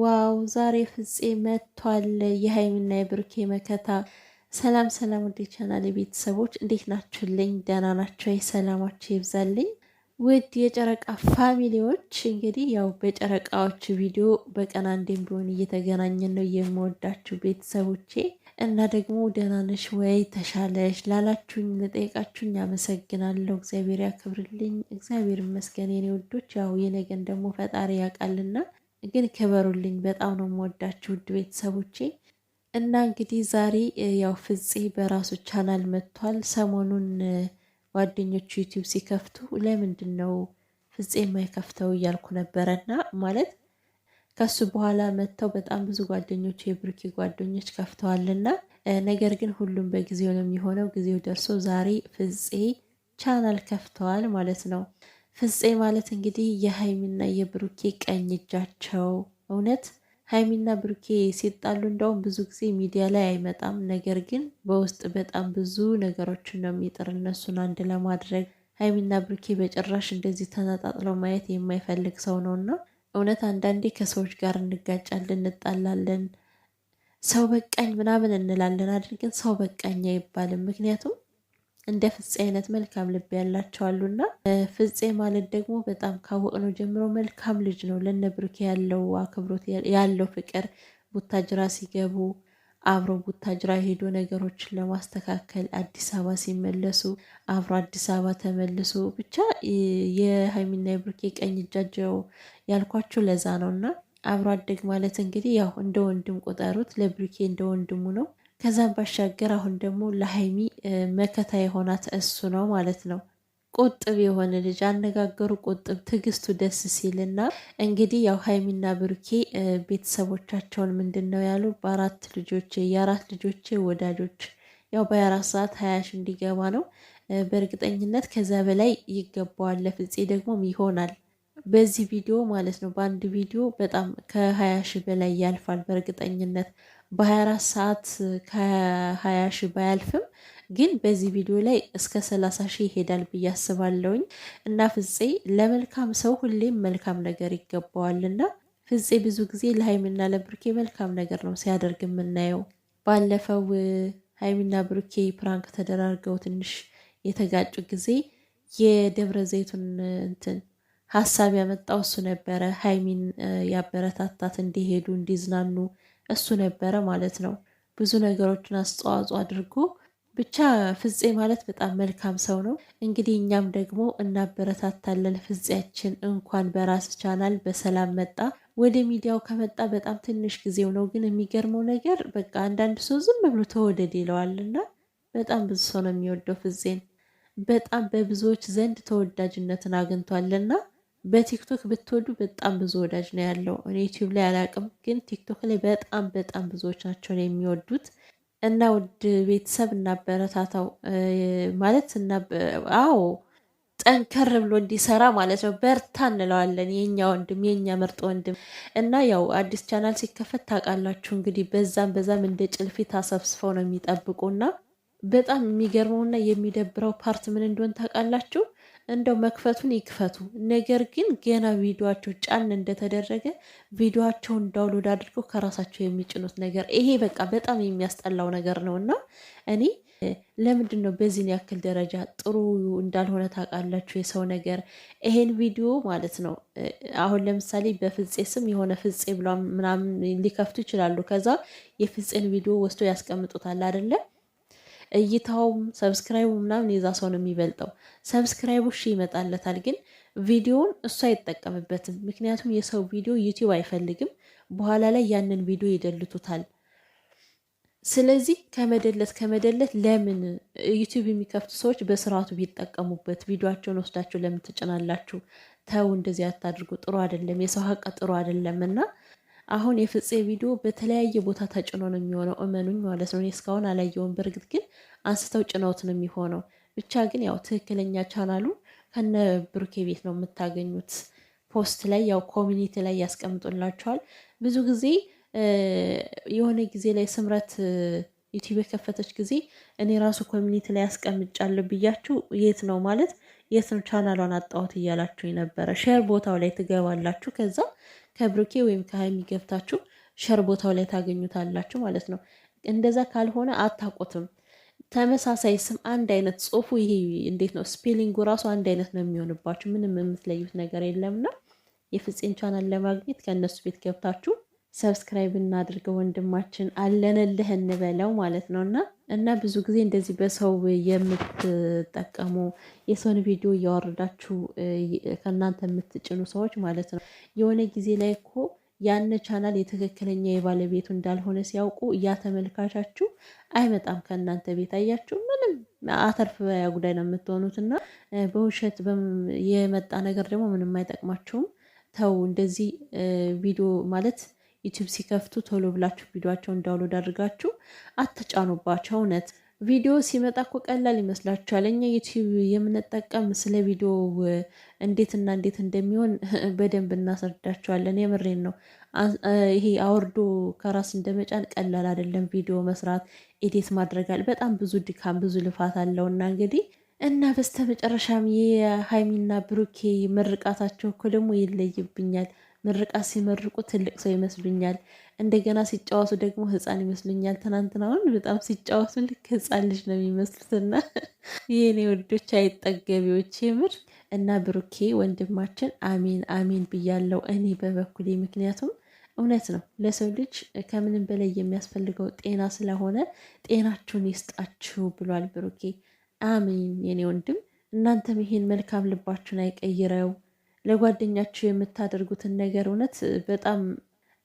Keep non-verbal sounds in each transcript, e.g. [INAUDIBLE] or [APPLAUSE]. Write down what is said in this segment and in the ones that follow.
ዋው ዛሬ ፍፄ መጥቷል። የሀይሚና የብሩኬ መከታ። ሰላም ሰላም፣ ወደ ቻናል ቤተሰቦች እንዴት ናችሁልኝ? ደህና ናቸው። የሰላማቸው ይብዛልኝ። ውድ የጨረቃ ፋሚሊዎች እንግዲህ ያው በጨረቃዎች ቪዲዮ በቀን አንዴም ቢሆን እየተገናኘን ነው የምወዳችሁ ቤተሰቦቼ እና ደግሞ ደህና ነሽ ወይ ተሻለሽ ላላችሁኝ ለጠየቃችሁኝ አመሰግናለሁ። እግዚአብሔር ያክብርልኝ። እግዚአብሔር ይመስገን የኔ ውዶች። ያው የነገን ደግሞ ፈጣሪ ያውቃልና ግን ክበሩልኝ። በጣም ነው የምወዳችሁ ውድ ቤተሰቦቼ። እና እንግዲህ ዛሬ ያው ፍፄ በራሱ ቻናል መጥቷል። ሰሞኑን ጓደኞቹ ዩቲዩብ ሲከፍቱ ለምንድን ነው ፍፄ የማይከፍተው እያልኩ ነበረና ማለት ከሱ በኋላ መጥተው በጣም ብዙ ጓደኞች የብርኪ ጓደኞች ከፍተዋልና ነገር ግን ሁሉም በጊዜው ነው የሚሆነው። ጊዜው ደርሶ ዛሬ ፍፄ ቻናል ከፍተዋል ማለት ነው። ፍፄ ማለት እንግዲህ የሀይሚና የብሩኬ ቀኝ እጃቸው። እውነት ሀይሚና ብሩኬ ሲጣሉ እንደውም ብዙ ጊዜ ሚዲያ ላይ አይመጣም። ነገር ግን በውስጥ በጣም ብዙ ነገሮችን ነው የሚጥር እነሱን አንድ ለማድረግ። ሀይሚና ብሩኬ በጭራሽ እንደዚህ ተነጣጥለው ማየት የማይፈልግ ሰው ነው እና እውነት አንዳንዴ ከሰዎች ጋር እንጋጫለን፣ እንጣላለን፣ ሰው በቃኝ ምናምን እንላለን። አድርገን ሰው በቃኝ አይባልም ምክንያቱም እንደ ፍፄ አይነት መልካም ልብ ያላቸው አሉና ፍፄ ማለት ደግሞ በጣም ካወቅነው ጀምሮ መልካም ልጅ ነው። ለነ ብሩኬ ያለው አክብሮት ያለው ፍቅር ቡታጅራ ሲገቡ አብሮ ቡታጅራ ሄዶ ነገሮችን ለማስተካከል አዲስ አበባ ሲመለሱ አብሮ አዲስ አበባ ተመልሶ ብቻ የሀይሚና የብሩኬ ቀኝ እጃጀው ያልኳቸው ለዛ ነው እና አብሮ አደግ ማለት እንግዲህ ያው እንደ ወንድም ቆጠሩት። ለብሩኬ እንደ ወንድሙ ነው። ከዛም ባሻገር አሁን ደግሞ ለሀይሚ መከታ የሆናት እሱ ነው ማለት ነው። ቁጥብ የሆነ ልጅ አነጋገሩ ቁጥብ፣ ትዕግስቱ ደስ ሲልና እንግዲህ ያው ሀይሚና ብሩኬ ቤተሰቦቻቸውን ምንድን ነው ያሉ በአራት ልጆቼ የአራት ልጆቼ ወዳጆች ያው በአራት ሰዓት ሀያሽ እንዲገባ ነው በእርግጠኝነት ከዛ በላይ ይገባዋል። ለፍፄ ደግሞም ይሆናል በዚህ ቪዲዮ ማለት ነው። በአንድ ቪዲዮ በጣም ከሀያ ሺህ በላይ ያልፋል በእርግጠኝነት በ24 ሰዓት ከ20 ሺህ ባያልፍም ግን በዚህ ቪዲዮ ላይ እስከ 30 ሺህ ይሄዳል ብዬ አስባለሁኝ። እና ፍፄ ለመልካም ሰው ሁሌም መልካም ነገር ይገባዋልና ፍፄ ብዙ ጊዜ ለሀይሚና ለብሩኬ መልካም ነገር ነው ሲያደርግ የምናየው። ባለፈው ሀይሚና ብሩኬ ፕራንክ ተደራርገው ትንሽ የተጋጩ ጊዜ የደብረ ዘይቱን እንትን ሀሳብ ያመጣው እሱ ነበረ። ሀይሚን ያበረታታት እንዲሄዱ እንዲዝናኑ እሱ ነበረ ማለት ነው። ብዙ ነገሮችን አስተዋጽኦ አድርጎ ብቻ ፍፄ ማለት በጣም መልካም ሰው ነው። እንግዲህ እኛም ደግሞ እናበረታታለን። ፍፄያችን እንኳን በራስ ቻናል በሰላም መጣ። ወደ ሚዲያው ከመጣ በጣም ትንሽ ጊዜው ነው። ግን የሚገርመው ነገር በቃ አንዳንድ ሰው ዝም ብሎ ተወደድ እና በጣም ብዙ ሰው ነው የሚወደው ፍፄን። በጣም በብዙዎች ዘንድ ተወዳጅነትን አግኝቷልና በቲክቶክ ብትወዱ በጣም ብዙ ወዳጅ ነው ያለው። እኔ ዩቲዩብ ላይ አላውቅም፣ ግን ቲክቶክ ላይ በጣም በጣም ብዙዎች ናቸው ነው የሚወዱት። እና ውድ ቤተሰብ እናበረታታው ማለት አዎ፣ ጠንከር ብሎ እንዲሰራ ማለት ነው። በርታ እንለዋለን። የኛ ወንድም፣ የኛ ምርጥ ወንድም። እና ያው አዲስ ቻናል ሲከፈት ታውቃላችሁ እንግዲህ በዛም በዛም እንደ ጭልፊት አሰብስፈው ነው የሚጠብቁና በጣም የሚገርመውና የሚደብረው ፓርት ምን እንደሆን ታውቃላችሁ? እንደው መክፈቱን ይክፈቱ። ነገር ግን ገና ቪዲዮቸው ጫን እንደተደረገ ቪዲዮቸውን ዳውንሎድ አድርገው ከራሳቸው የሚጭኑት ነገር ይሄ በቃ በጣም የሚያስጠላው ነገር ነው እና እኔ ለምንድን ነው በዚህን ያክል ደረጃ ጥሩ እንዳልሆነ ታውቃላችሁ፣ የሰው ነገር ይሄን ቪዲዮ ማለት ነው። አሁን ለምሳሌ በፍፄ ስም የሆነ ፍፄ ብላ ምናምን ሊከፍቱ ይችላሉ። ከዛ የፍፄን ቪዲዮ ወስዶ ያስቀምጡታል አይደለም እይታውም ሰብስክራይቡ ምናምን የዛ ሰው ነው የሚበልጠው። ሰብስክራይቡ ሺ ይመጣለታል፣ ግን ቪዲዮውን እሱ አይጠቀምበትም። ምክንያቱም የሰው ቪዲዮ ዩቲዩብ አይፈልግም። በኋላ ላይ ያንን ቪዲዮ ይደልቱታል። ስለዚህ ከመደለት ከመደለት ለምን ዩቲዩብ የሚከፍቱ ሰዎች በስርዓቱ ቢጠቀሙበት ቪዲዮቸውን ወስዳቸው ለምን ትጭናላችሁ? ተው፣ እንደዚህ አታድርጉ፣ ጥሩ አይደለም። የሰው ሀቅ ጥሩ አይደለም እና አሁን የፍፄ ቪዲዮ በተለያየ ቦታ ተጭኖ ነው የሚሆነው። እመኑኝ ማለት ነው። እኔ እስካሁን አላየውም። በእርግጥ ግን አንስተው ጭነውት ነው የሚሆነው። ብቻ ግን ያው ትክክለኛ ቻናሉ ከነ ብሩኬ ቤት ነው የምታገኙት። ፖስት ላይ ያው ኮሚኒቲ ላይ ያስቀምጡላቸዋል። ብዙ ጊዜ የሆነ ጊዜ ላይ ስምረት ዩቲዩብ የከፈተች ጊዜ እኔ ራሱ ኮሚኒቲ ላይ ያስቀምጫለሁ ብያችሁ የት ነው ማለት የት ነው ቻናሏን አጣሁት እያላችሁ የነበረ ሼር ቦታው ላይ ትገባላችሁ ከዛ ከብሩኬ ወይም ከሀይሚ ገብታችሁ ሸር ቦታው ላይ ታገኙታላችሁ ማለት ነው። እንደዛ ካልሆነ አታቆትም። ተመሳሳይ ስም አንድ አይነት ጽሁፉ ይሄ እንዴት ነው ስፔሊንጉ ራሱ አንድ አይነት ነው የሚሆንባችሁ። ምንም የምትለዩት ነገር የለምና የፍፄን ቻናል ለማግኘት ከእነሱ ቤት ገብታችሁ ሰብስክራይብ እናድርገው ወንድማችን አለንልህ እንበለው ማለት ነው። እና እና ብዙ ጊዜ እንደዚህ በሰው የምትጠቀሙ የሰውን ቪዲዮ እያወረዳችሁ ከእናንተ የምትጭኑ ሰዎች ማለት ነው የሆነ ጊዜ ላይ እኮ ያን ቻናል የትክክለኛ የባለቤቱ እንዳልሆነ ሲያውቁ ያ ተመልካቻችሁ አይመጣም ከእናንተ ቤት። አያችሁ፣ ምንም አተርፍ በያ ጉዳይ ነው የምትሆኑት። እና በውሸት የመጣ ነገር ደግሞ ምንም አይጠቅማችሁም። ተው እንደዚህ ቪዲዮ ማለት ዩቲዩብ ሲከፍቱ ቶሎ ብላችሁ ቪዲዮቸው እንዳውሎድ አድርጋችሁ አትጫኑባቸው። እውነት ቪዲዮ ሲመጣ እኮ ቀላል ይመስላችኋል። እኛ ዩቲዩብ የምንጠቀም ስለ ቪዲዮ እንዴትና እንዴት እንደሚሆን [LAUGHS] በደንብ እናስረዳቸዋለን። የምሬን ነው። ይሄ አውርዶ ከራስ እንደመጫን ቀላል አይደለም። ቪዲዮ መስራት፣ ኤዲት ማድረጋል በጣም ብዙ ድካም፣ ብዙ ልፋት አለውና እንግዲህ እና በስተ መጨረሻም የሀይሚና ብሩኬ ምርቃታቸው እኮ ደግሞ ይለይብኛል። ምርቃት ሲመርቁ ትልቅ ሰው ይመስሉኛል፣ እንደገና ሲጫወቱ ደግሞ ህፃን ይመስሉኛል። ትናንትናውን በጣም ሲጫወቱ ልክ ህፃን ልጅ ነው የሚመስሉትና [LAUGHS] የኔ ወዶች አይጠገቢዎች የምር እና ብሩኬ ወንድማችን አሜን አሜን ብያለው እኔ በበኩሌ ምክንያቱም እውነት ነው። ለሰው ልጅ ከምንም በላይ የሚያስፈልገው ጤና ስለሆነ ጤናችሁን ይስጣችሁ ብሏል ብሩኬ። አሜን። የኔ ወንድም እናንተም ይሄን መልካም ልባችሁን አይቀይረው። ለጓደኛችሁ የምታደርጉትን ነገር እውነት በጣም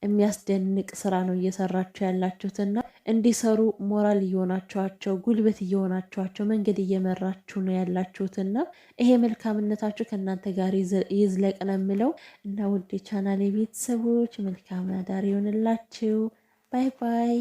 የሚያስደንቅ ስራ ነው እየሰራችሁ ያላችሁትና እንዲሰሩ ሞራል እየሆናችኋቸው፣ ጉልበት እየሆናችኋቸው፣ መንገድ እየመራችሁ ነው ያላችሁትና ይሄ መልካምነታችሁ ከእናንተ ጋር ይዝለቅ ነው የምለው እና ውድ ቻናሌ ቤተሰቦች መልካም አዳር ይሆንላችሁ። ባይ ባይ።